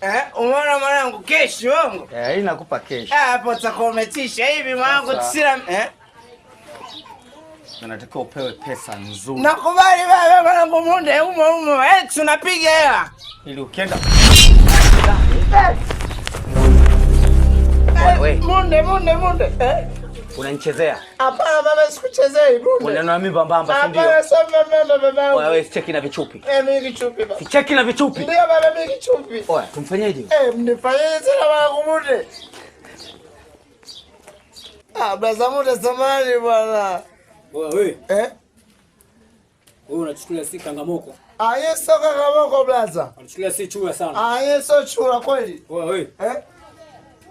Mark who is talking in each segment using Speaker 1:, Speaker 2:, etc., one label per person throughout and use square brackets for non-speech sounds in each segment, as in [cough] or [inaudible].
Speaker 1: Eh, umeona mwanangu kesho wangu?
Speaker 2: Eh, hii nakupa kesho.
Speaker 1: Ah, hapo umetisha hivi mwanangu tisira eh.
Speaker 2: Unatakiwa upewe pesa nzuri.
Speaker 1: Nakubali baba mwanangu munde umo umo. Eh, tunapiga hela. Ili ukienda. Munde munde munde. Eh. Unanichezea? Hapana mama, sikuchezei bure.
Speaker 2: Unaniona mimi bambamba, si ndio?
Speaker 1: Hapana, sio mama baba.
Speaker 2: Wewe sicheki na vichupi.
Speaker 1: Eh, mimi kichupi baba.
Speaker 2: Sicheki na vichupi.
Speaker 1: Ndio baba, mimi kichupi.
Speaker 2: Oya, tumfanyaje?
Speaker 1: Eh, mnifanyie sana baba kumute. Ah, braza mute samani bwana. Wewe wewe. Eh?
Speaker 2: Wewe unachukulia si kangamoko.
Speaker 1: Ah, yeye sio kangamoko blaza.
Speaker 2: Unachukulia si chura sana.
Speaker 1: Ah, yeye sio chura kweli. Wewe wewe. Eh?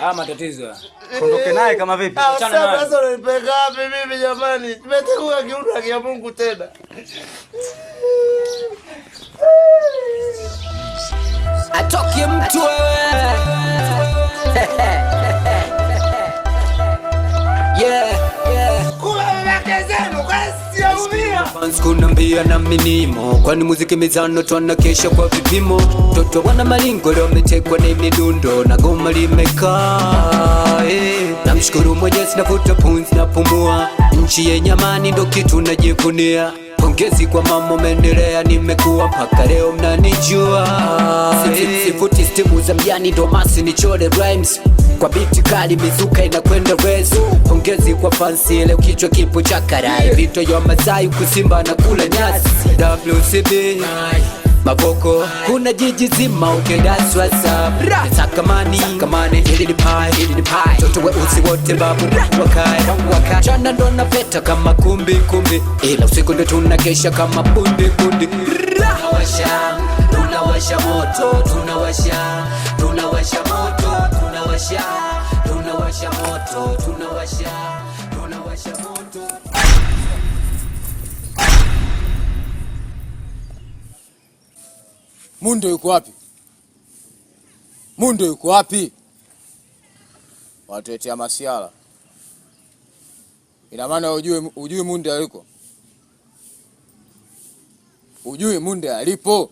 Speaker 2: Ah, matatizo. Kondoke naye kama vipi?
Speaker 1: Ah, sasa unanipeleka wapi mimi jamani? Nimetekuka kiunda kia Mungu tena. Atoke mtu wewe. [laughs] Fans kunambia na minimo, kwani muziki mizano kesha kwa vipimo. Toto wana malingo leo wametekwa na midundo na goma limekaa eh. Namshukuru Mwenyezi, navuta pumzi na pumua, nchi yenye amani ndo kitu najivunia. Pongezi kwa mama, umeendelea nimekuwa mpaka leo mnanijua. Eh. Sifuti stimu za mjani ndo masi nichore rhymes kwa biti kali mizuka inakwenda rezo, pongezi kwa fansi ile kichwa kipo cha karai, vito ya Masai kusimba na kula nyasi WCB
Speaker 2: maboko kuna jiji zima ukenda swasa sakamani sakamani, hili ni pai hili ni pai, toto we usi wote babu wakae wakae, chana ndo na peta kama kumbi kumbi, ila usiku ndo tunakesha kama bundi bundi, tunawasha tunawasha moto tunawasha tunawasha moto tunawasha tunawasha moto tunawasha tunawasha moto Mundo yuko wapi? Mundo yuko wapi? Watuetea masiala. Ina maana ujui, ujui Mundo aliko, ujui Mundo alipo.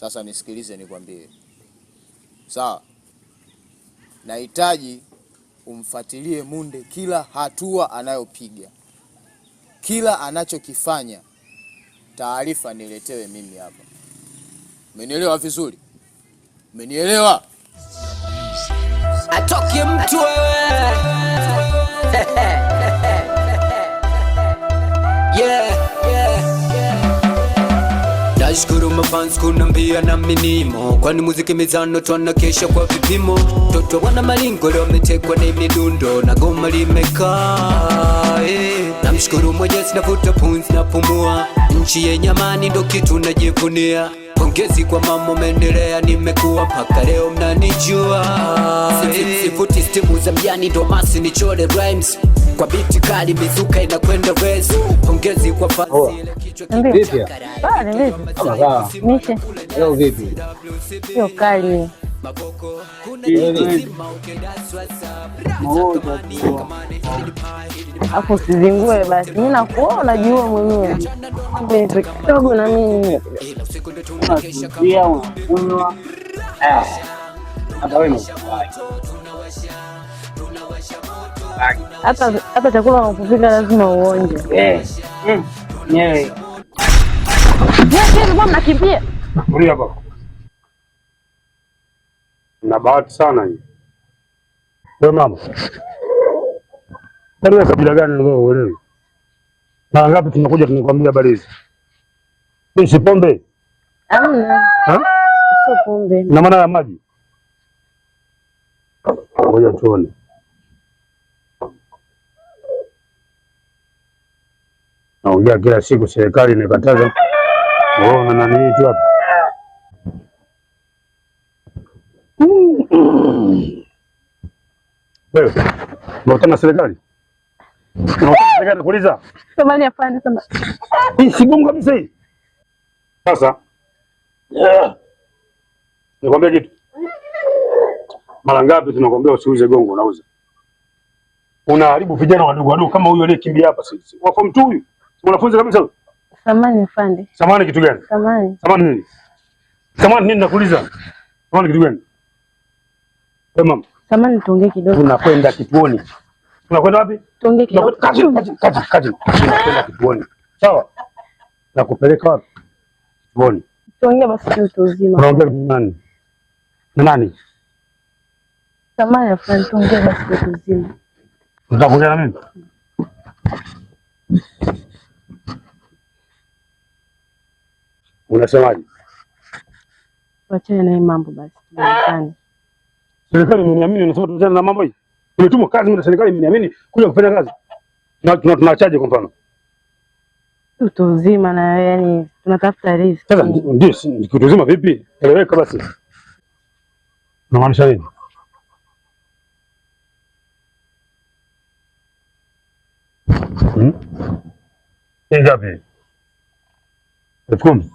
Speaker 2: Sasa nisikilize, nikwambie sawa nahitaji umfuatilie Munde kila hatua anayopiga, kila anachokifanya, taarifa niletewe mimi hapa. Umenielewa vizuri? Umenielewa? Atoki mtu wewe. [laughs] yeah. Nashukuru mafans kunambia na minimo, kwani muziki mizano twanakesha kwa vipimo. Toto wana malingo leo wametekwa na midundo na goma limekaa eh. Namshukuru Mwenyezi, navuta punzi na pumua, nchi yenye amani ndo kitu najivunia. Pongezi kwa mama, umeendelea nimekuwa mpaka leo mnanijua. Eh. Sifuti stimu za mjani domasi ni chole rhymes kwa biti kali mizuka inakwenda wezi. Pongezi kwa fadhili
Speaker 3: kali. Hapo usizingue basi, mimi nakuona unajua mwenyewe kidogo, na mimi hata hata chakula unapofika lazima uonje.
Speaker 2: Eh, eh, eh. Mnakimbia na bahati sana hii. Ndio mama, wewe kabila gani? Uelewi mara ngapi tunakuja tunakwambia habari hizi. Mimi si pombe
Speaker 3: hamna, sio pombe
Speaker 2: na maana ya maji. Ngoja tuone. tunaongea kila siku, serikali imekataza na nani tu hapa wewe unautana na serikali nakuuliza hii sigongo kabisa hii. Sasa nikwambia kitu, mara ngapi tunakwambia usiuze gongo, unauza unaharibu vijana wadogo wadogo kama huyu aliyekimbia hapa, sisi wa form 2 huyu Unafunza kabisa.
Speaker 3: Samani mfande.
Speaker 2: Samani kitu gani? Samani. Samani nini? Samani nini nakuuliza? Samani kitu gani? Eh, mama.
Speaker 3: Samani tuongee kidogo.
Speaker 2: Tunakwenda kituoni. Tunakwenda wapi? Tuongee kidogo. Kazi kazi kazi. Tunakwenda kituoni. Sawa. Nakupeleka wapi? Kituoni.
Speaker 3: Tuongee basi tu uzima.
Speaker 2: Unaongea na nani? Na nani?
Speaker 3: Samani afanye tuongee basi tu uzima.
Speaker 2: Unataka Utakuja na mimi? Unasemaje?
Speaker 3: Wachana na mambo basi.
Speaker 2: Serikali imeniamini, unasema tuachane na mambo hii. Tumetumwa kazi na serikali imeniamini kuja kufanya kazi. Na tunaachaje kwa mfano?
Speaker 3: Utu uzima na yani tunatafuta riziki.
Speaker 2: Sasa ndio utu uzima vipi? Eleweka basi. Unamaanisha nini? Hmm? Ingapi? Elfu kumi.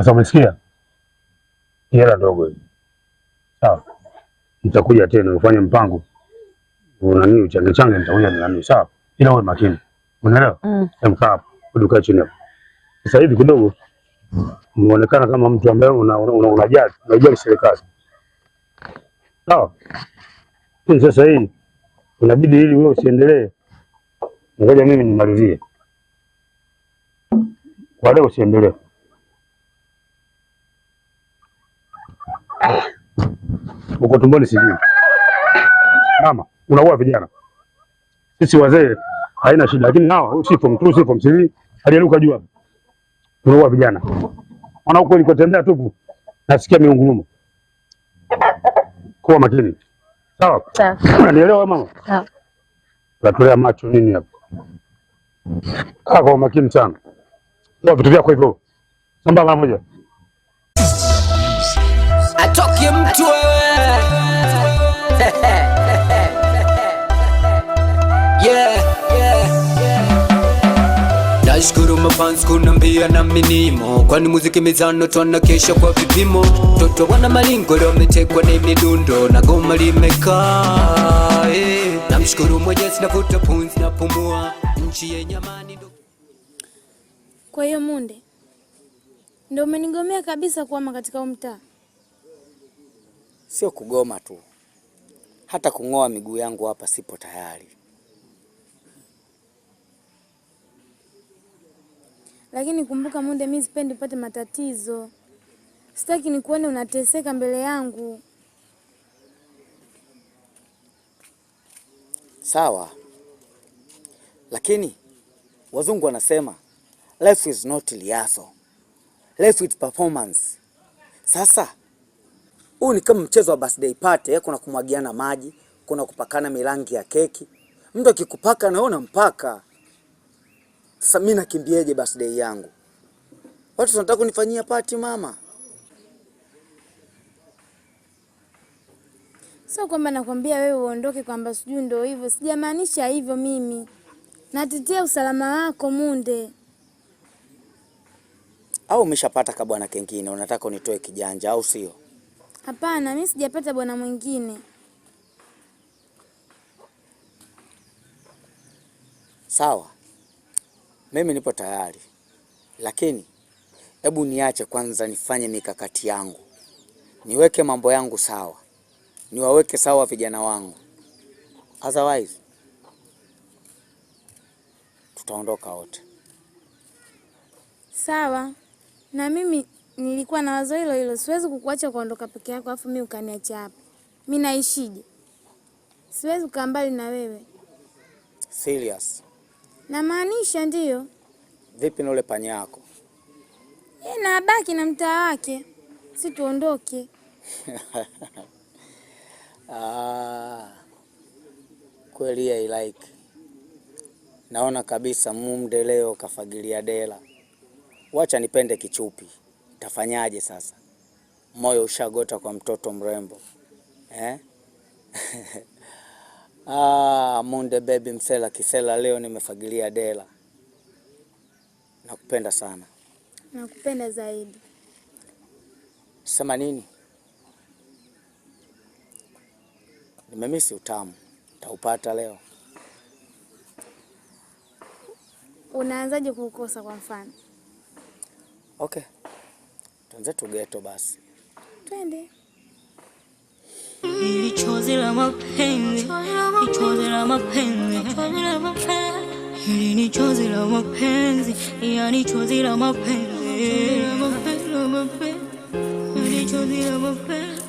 Speaker 2: Sasa umesikia? Hela ndogo hiyo. Sawa. Nitakuja tena ufanye mpango. Una nini uchange change nitakuja na nini sawa? Ila uwe makini. Unaelewa? Mm. Mkaa sawa. Uduka chini hapo. Sasa hivi kidogo unaonekana kama mtu ambaye unajali, unajali serikali. Sawa. Sasa hii inabidi ili wewe usiendelee. Ngoja mimi nimalizie. Kwa leo usiendelee. uko tumboni sijui. Mama, unaua vijana. Sisi wazee haina shida, lakini nao si form 2 si form alianuka juu hapo, unaua vijana. Maana huko nilikotembea tupu nasikia miungumu. Kuwa makini, sawa? Sawa, unanielewa mama? Sawa. Natolea macho nini hapo? Kaa kwa makini sana, Ndio vitu vyako hivyo sambamba moja unataki mtu wewe [laughs] Nashukuru mafans kunambia na minimo,
Speaker 3: kwani muziki mizano twana kesha kwa vipimo. Toto wana malingo leo wametekwa na midundo na goma limekaa eh. Namshukuru Mwenyezi, navuta pumzi na pumua, nchi yenye amani. Kwa hiyo Munde ndio umenigomea kabisa kuama katika umtaa
Speaker 2: sio kugoma tu, hata kung'oa miguu yangu hapa sipo tayari.
Speaker 3: Lakini kumbuka munde mimi sipendi upate matatizo, sitaki nikuone unateseka mbele yangu.
Speaker 2: Sawa, lakini wazungu wanasema life is not liaso, life is performance. Sasa huu ni kama mchezo wa birthday party, eh, kuna kumwagiana maji, kuna kupakana milangi ya keki. Mtu akikupaka naona mpaka. Sasa mimi nakimbieje birthday yangu? Watu wanataka kunifanyia party mama.
Speaker 3: Sio kwamba nakwambia wewe uondoke, kwamba sijui ndio hivyo. Sijamaanisha hivyo, mimi natetea usalama wako Munde.
Speaker 2: Au umeshapata kabwana kengine, unataka unitoe kijanja, au sio?
Speaker 3: Hapana, mimi sijapata bwana mwingine.
Speaker 2: Sawa, mimi nipo tayari, lakini hebu niache kwanza nifanye mikakati yangu, niweke mambo yangu sawa, niwaweke sawa vijana wangu, otherwise tutaondoka wote.
Speaker 3: Sawa na mimi nilikuwa na wazo hilo hilo, siwezi kukuacha kuondoka peke yako afu mi ukaniacha hapa. Mi naishije? Siwezi kukaa mbali na wewe.
Speaker 2: Serious?
Speaker 3: Namaanisha ndiyo.
Speaker 2: Vipi na ule panya yako?
Speaker 3: E, na abaki na mtaa wake, si tuondoke? [laughs]
Speaker 2: Ah, kweli I like. Naona kabisa mumde leo kafagilia dela. Wacha nipende kichupi tafanyaje sasa? Moyo ushagota kwa mtoto mrembo eh? [laughs] Ah, munde baby msela kisela, leo nimefagilia dela. Nakupenda sana.
Speaker 3: Nakupenda zaidi.
Speaker 2: Sema nini? Nimemisi utamu, taupata leo.
Speaker 3: Unaanzaje kukosa kwa mfano?
Speaker 2: Okay wenzetu geto, basi
Speaker 3: twende. Ni chozi la mapenzi, ni chozi la mapenzi, ni chozi la mapenzi, ni chozi la mapenzi.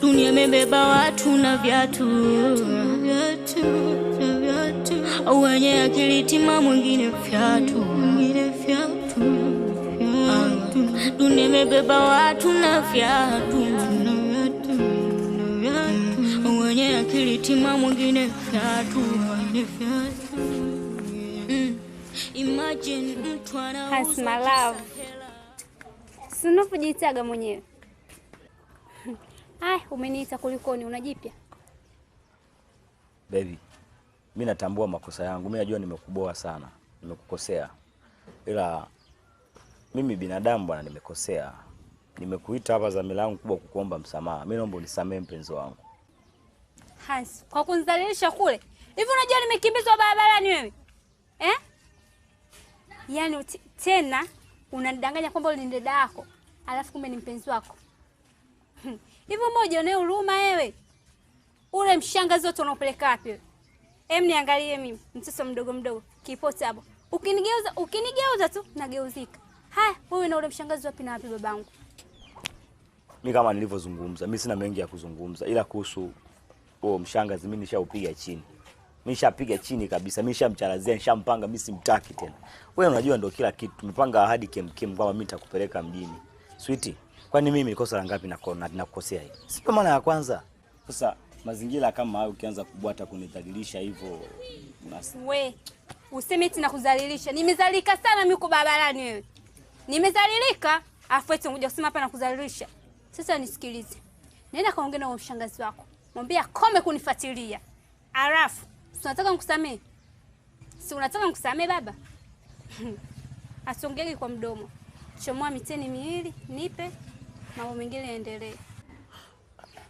Speaker 3: Dunia imebeba watu na viatu, wenye akili timamu, mwingine viatu Dudu nimebeba watu na viatu, wenye akili tima mwingine viatu. Mm. Imagine mtu anauza Hasma love, sinapojitaga mwenyewe. Ai, umeniita kulikoni? Unajipya
Speaker 2: baby. Mi natambua makosa yangu, mi najua nimekuboa sana, nimekukosea ila mimi binadamu bwana, nimekosea. Nimekuita hapa za milango kubwa kukuomba msamaha. Mimi naomba unisamehe mpenzi wangu
Speaker 3: Hans, kwa kunidhalilisha kule. Hivi unajua nimekimbizwa barabarani wewe eh? Yaani tena unanidanganya kwamba ni dada yako alafu kumbe ni mpenzi wako hmm. hivyo. Moja unaye huruma wewe, ule mshangazi wote unaopeleka wapi wewe? Hem, niangalie mimi mtoto mdogo mdogo, Kipote hapo. Ukinigeuza ukinigeuza tu nageuzika Haya, wewe na ule mshangazi wapi na wapi babangu?
Speaker 2: Mimi kama nilivyozungumza, mimi sina mengi ya kuzungumza ila kuhusu huo mshangazi mimi nishaupiga chini. Mimi nishapiga chini kabisa. Mimi nishamcharazia, nishampanga mimi simtaki tena. Wewe unajua ndio kila kitu. Tumepanga ahadi kemkem kwamba mimi nitakupeleka mjini. Sweetie, kwani mimi nikosa la ngapi na nakukosea hivi? Si kwa mara ya kwanza. Sasa mazingira kama hayo ukianza kubwata kunidhalilisha hivyo
Speaker 3: unasema. we, useme eti nakudhalilisha. Nimezalika sana mimi kwa barabarani wewe nimezalilika, afu eti unakuja kusema hapa na kuzalilisha. Sasa nisikilize, nenda kaongea na mshangazi wako, mwambie akome kunifuatilia. Alafu tunataka nikusamee, si unataka nikusamee baba? [laughs] Asongeki kwa mdomo, chomoa miteni miwili, nipe, mambo mengine yaendelee.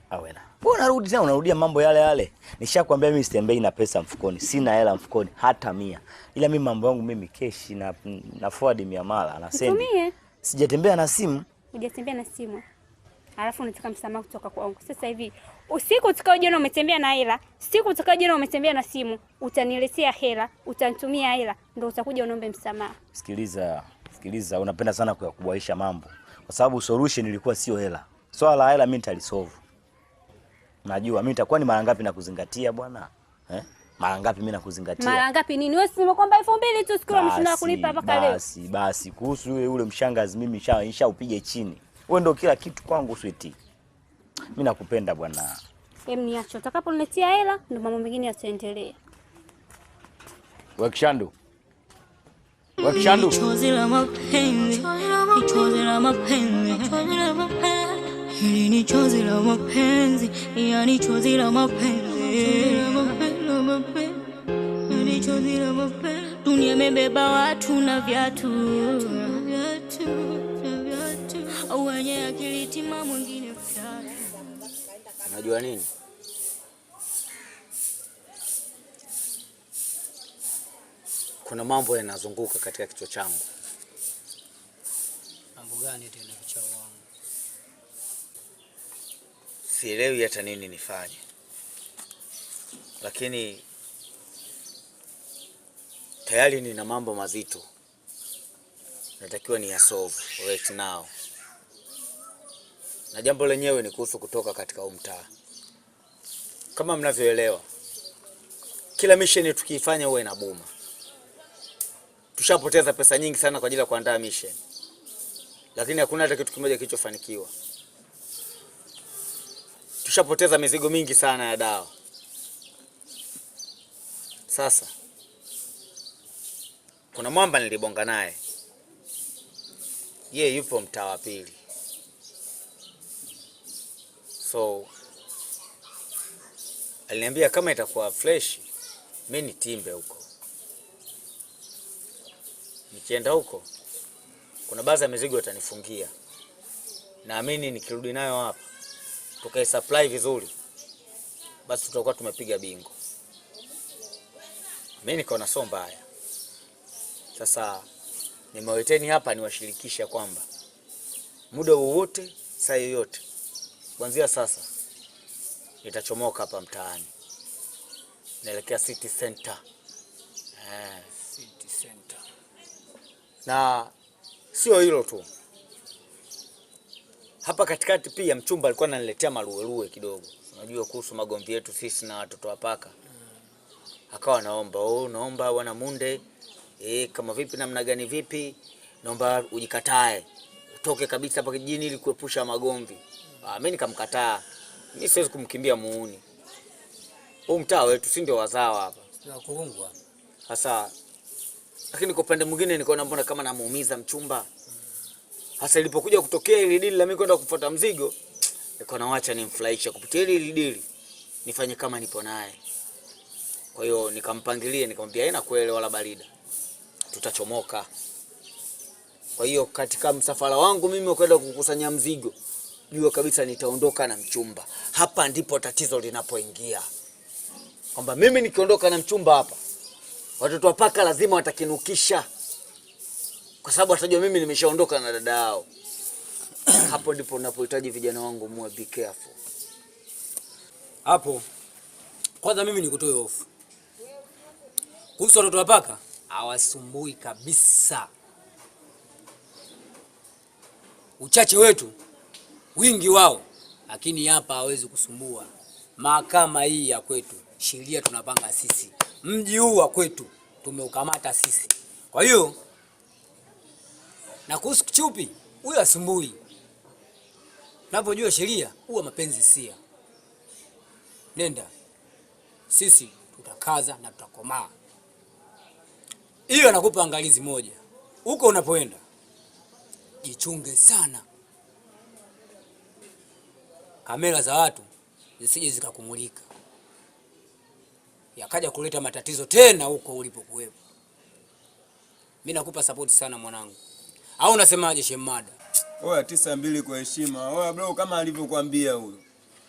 Speaker 2: Awena. Wewe unarudi tena unarudia mambo yale yale. Nishakwambia mimi sitembei na pesa mfukoni, sina hela mfukoni hata mia. Ila mimi mambo yangu mimi cash na na forward miamala na send. Tumie. Sijatembea na simu.
Speaker 3: Hujatembea na simu. Alafu unataka msamaha kutoka kwangu. Sasa hivi usiku utakao jana umetembea na hela, siku utakao jana umetembea na simu, utaniletea hela, utanitumia hela, ndio utakuja unombe msamaha.
Speaker 2: Sikiliza, sikiliza, unapenda sana kuyakubwaisha mambo. Kwa sababu solution ilikuwa sio hela. Swala la hela mimi nitalisolve. Najua mimi nitakuwa ni mara ngapi nakuzingatia bwana eh? Mara ngapi mimi nakuzingatia?
Speaker 3: Mara ngapi nini? Wewe si umekwamba 2000 tu siku mshina kulipa mpaka
Speaker 2: leo. Basi basi, kuhusu yule yule mshangazi mimi nishaisha upige chini. Wewe ndio kila kitu kwangu sweetie. Mimi nakupenda bwana.
Speaker 3: Hem, niacho. Utakaponiletea hela ndio mambo mengine yataendelea.
Speaker 2: Wakishandu. Wakishandu. Chozi la mapenzi. Chozi la mapenzi. Chozi la mapenzi. Hili ni chozi la mapenzi, yani chozi la mapenzi. Dunia imebeba watu na viatu, wenye akili timamu mwingine. Unajua nini? Kuna mambo yanazunguka katika kichwa changu. Mambo gani tena kichwa sielewi hata nini nifanye, lakini tayari nina mambo mazito natakiwa ni yasolve right now, na jambo lenyewe ni kuhusu kutoka katika huu mtaa. Kama mnavyoelewa, kila misheni tukiifanya huwa ina buma. Tushapoteza pesa nyingi sana kwa ajili ya kuandaa misheni, lakini hakuna hata kitu kimoja kilichofanikiwa tushapoteza mizigo mingi sana ya dawa. Sasa kuna mwamba nilibonga naye, ye yupo mtaa wa pili, so aliniambia kama itakuwa fresh mi nitimbe huko. Nikienda huko kuna baadhi ya mizigo atanifungia, naamini nikirudi nayo hapa supply vizuri, basi tutakuwa tumepiga bingo. Mimi nikaona sio mbaya. Sasa nimeweteni hapa niwashirikisha kwamba muda wowote, saa yoyote, kuanzia sasa nitachomoka hapa mtaani naelekea city center. Eh, city center. Na sio hilo tu hapa katikati pia mchumba alikuwa ananiletea maruerue kidogo, unajua kuhusu magomvi yetu sisi na watoto wa paka. Akawa naomba oh, naomba bwana Munde e, kama vipi, namna gani, vipi, naomba ujikatae utoke kabisa hapa kijijini ili kuepusha magomvi. Ah, mimi nikamkataa, mimi siwezi kumkimbia muuni huu mtaa wetu, si ndio wazawa hapa sasa. Lakini kwa upande mwingine nikaona mbona kama namuumiza mchumba Hasa ilipokuja kutokea ile dili la mimi kwenda kufuata mzigo, niko naacha nimfurahisha kupitia ile deal, nifanye kama nipo naye. Kwa hiyo nikampangilia, nikamwambia haina kwele wala barida, tutachomoka. Kwa hiyo katika msafara wangu mimi kwenda kukusanya mzigo, jua kabisa nitaondoka na mchumba. Hapa ndipo tatizo linapoingia, kwamba mimi nikiondoka na mchumba hapa, watoto wa paka lazima watakinukisha kwa sababu atajua mimi nimeshaondoka na dada yao. [clears throat] Hapo ndipo napohitaji vijana wangu, muwe be careful hapo. Kwanza mimi nikutoe hofu kuhusu watoto wa paka, hawasumbui kabisa. Uchache wetu, wingi wao, lakini hapa hawezi kusumbua. Mahakama hii ya kwetu, sheria tunapanga sisi. Mji huu wa kwetu tumeukamata sisi, kwa hiyo na kuhusu Kichupi, huyo asumbui. Unapojua sheria huwa mapenzi sia. Nenda, sisi tutakaza na tutakomaa. Hiyo anakupa angalizi moja, huko unapoenda jichunge sana, kamera za watu zisije zikakumulika yakaja kuleta matatizo tena huko ulipokuwepo. Mimi nakupa sapoti sana mwanangu au unasemaje Shemada?
Speaker 4: Oya, tisa mbili kwa heshima. Oya bro, kama alivyokuambia huyo,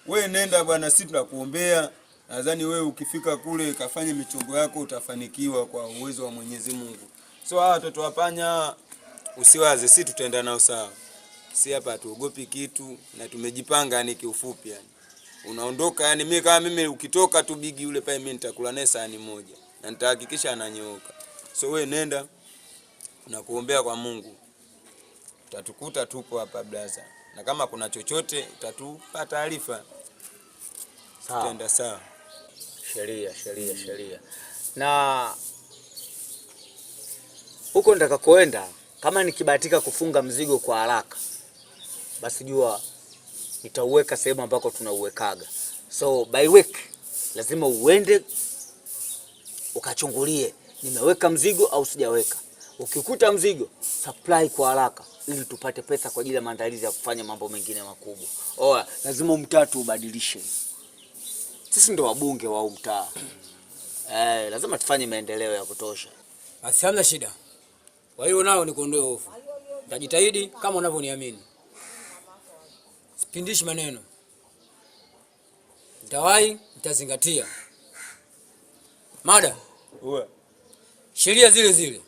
Speaker 4: we nenda bwana, sisi tunakuombea. Nadhani we ukifika kule kafanye michongo yako utafanikiwa kwa uwezo wa Mwenyezi Mungu. So hawa watoto wapanya usiwaze, sisi tutaenda nao sawa. Si hapa tuogopi kitu na tumejipanga, yani kiufupi, yani unaondoka, yani mimi kama mimi ukitoka tu bigi yule pale, mimi nitakula naye sahani moja na nitahakikisha ananyooka. So we nenda, nakuombea kwa Mungu utatukuta tupo hapa blaza, na kama kuna chochote utatupa taarifa. Tutaenda sawa.
Speaker 2: Sheria, sheria, sheria. Na huko nitakakoenda, kama nikibahatika kufunga mzigo kwa haraka, basi jua nitauweka sehemu ambako tunauwekaga, so by week lazima uende ukachungulie nimeweka mzigo au sijaweka. Ukikuta mzigo supply kwa haraka, ili tupate pesa kwa ajili ya maandalizi ya kufanya mambo mengine makubwa. Oya, lazima mtaa tuubadilishe, sisi ndo wabunge wa mtaa [clears throat] eh, lazima tufanye maendeleo ya kutosha. Basi hamna shida, kwa hiyo nao kuondoe hofu, nitajitahidi kama unavyoniamini, sipindishi maneno, nitawahi, nitazingatia mada, sheria zile zile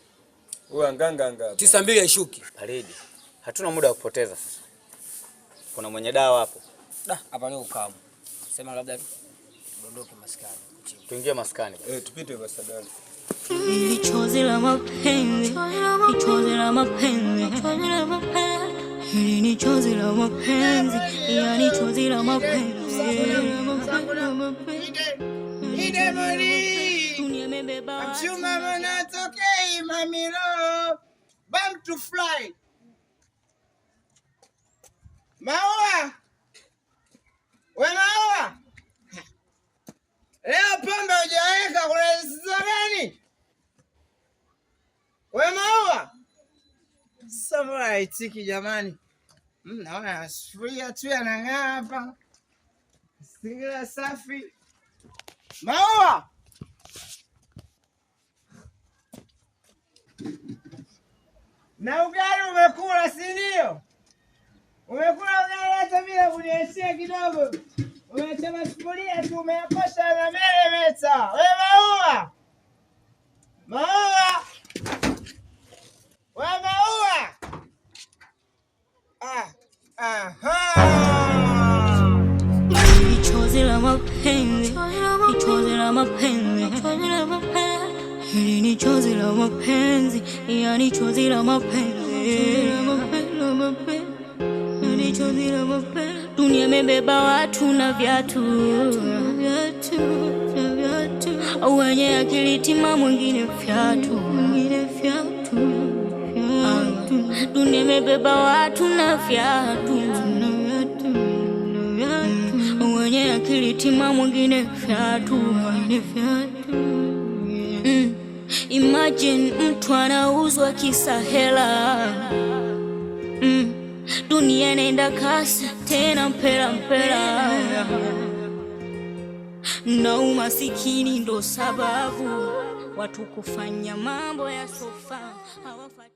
Speaker 4: Uwe anganga anga.
Speaker 2: Tisa mbili haishuki. Baridi. Hatuna muda wa kupoteza sasa. Kuna mwenye dawa hapo. Da, hapa leo ukamu. Sema labda tuondoke maskani. Tuingie maskani.
Speaker 4: Eh, tupite basi sadani. Ni chozi la mapenzi. Ni chozi la mapenzi. Ni chozi la mapenzi. Ni chozi la mapenzi. Ni chozi
Speaker 1: la mapenzi. Mchuma mwana tokei mamiro bam to fly maua we maua leo pombe hujaweka kunasisa gani we maua samora aitiki jamani mm, naona asufuria tu yanang'aa hapa singira safi maua na ugali umekula, si ndio? Umekula ugali hata bila kuniachia kidogo, umechama sufuria tu, umeakosha na meremeta. We maua, maua, we maua. Ah, aha, ni Hili ni chozi la mapenzi, yani chozi la mapenzi. Dunia imebeba watu na viatu, wenye akili timamu wengine fyatu. Dunia imebeba watu na viatu, wenye akili timamu wengine fyatu Imagine mtu anauzwa kisa hela mm. Dunia inaenda kasi tena mpela mpela, na umasikini ndo sababu watu kufanya mambo ya sofa hawafati